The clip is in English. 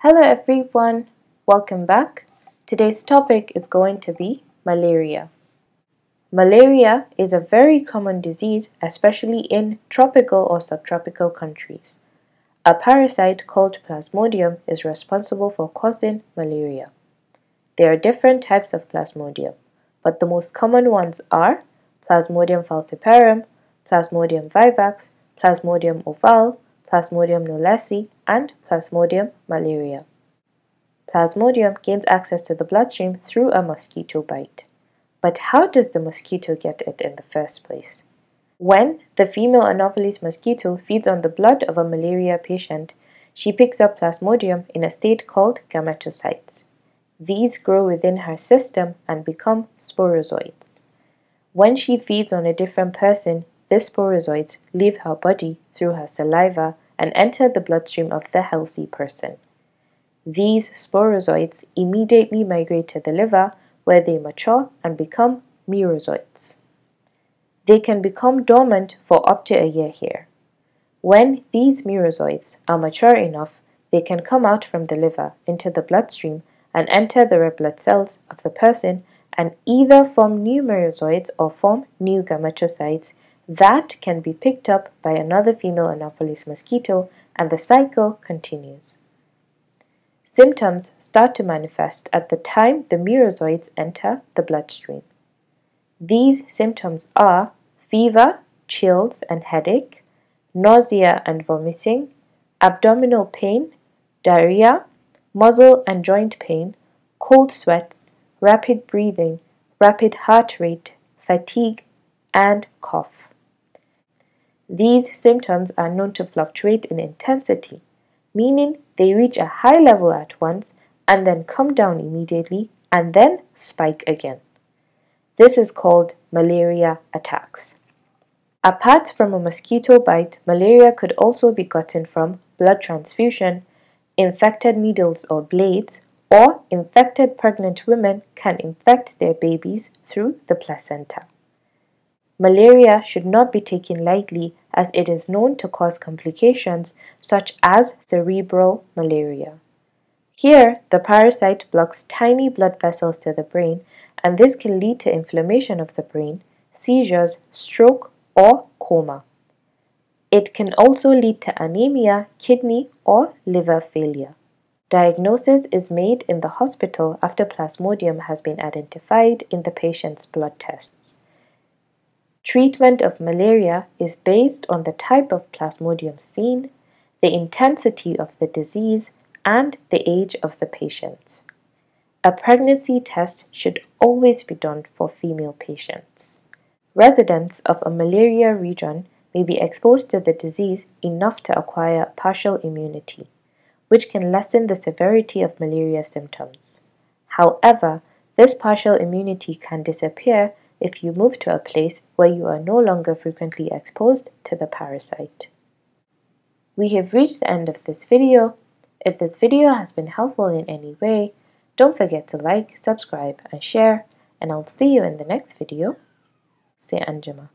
Hello everyone, welcome back. Today's topic is going to be malaria. Malaria is a very common disease, especially in tropical or subtropical countries. A parasite called Plasmodium is responsible for causing malaria. There are different types of Plasmodium, but the most common ones are Plasmodium falciparum, Plasmodium vivax, Plasmodium ovale, Plasmodium nolesi, and Plasmodium malaria. Plasmodium gains access to the bloodstream through a mosquito bite. But how does the mosquito get it in the first place? When the female Anopheles mosquito feeds on the blood of a malaria patient, she picks up Plasmodium in a state called gametocytes. These grow within her system and become sporozoids. When she feeds on a different person, these sporozoids leave her body through her saliva and enter the bloodstream of the healthy person. These sporozoids immediately migrate to the liver where they mature and become merozoites. They can become dormant for up to a year here. When these merozoids are mature enough, they can come out from the liver into the bloodstream and enter the red blood cells of the person and either form new merozoids or form new gametocytes that can be picked up by another female Anopheles mosquito, and the cycle continues. Symptoms start to manifest at the time the merozoids enter the bloodstream. These symptoms are fever, chills and headache, nausea and vomiting, abdominal pain, diarrhea, muscle and joint pain, cold sweats, rapid breathing, rapid heart rate, fatigue, and cough. These symptoms are known to fluctuate in intensity, meaning they reach a high level at once and then come down immediately and then spike again. This is called malaria attacks. Apart from a mosquito bite, malaria could also be gotten from blood transfusion, infected needles or blades, or infected pregnant women can infect their babies through the placenta. Malaria should not be taken lightly as it is known to cause complications such as cerebral malaria. Here, the parasite blocks tiny blood vessels to the brain, and this can lead to inflammation of the brain, seizures, stroke, or coma. It can also lead to anemia, kidney, or liver failure. Diagnosis is made in the hospital after plasmodium has been identified in the patient's blood tests. Treatment of malaria is based on the type of plasmodium seen, the intensity of the disease, and the age of the patients. A pregnancy test should always be done for female patients. Residents of a malaria region may be exposed to the disease enough to acquire partial immunity, which can lessen the severity of malaria symptoms. However, this partial immunity can disappear if you move to a place where you are no longer frequently exposed to the parasite. We have reached the end of this video. If this video has been helpful in any way, don't forget to like, subscribe and share and I'll see you in the next video. Say Anjuma.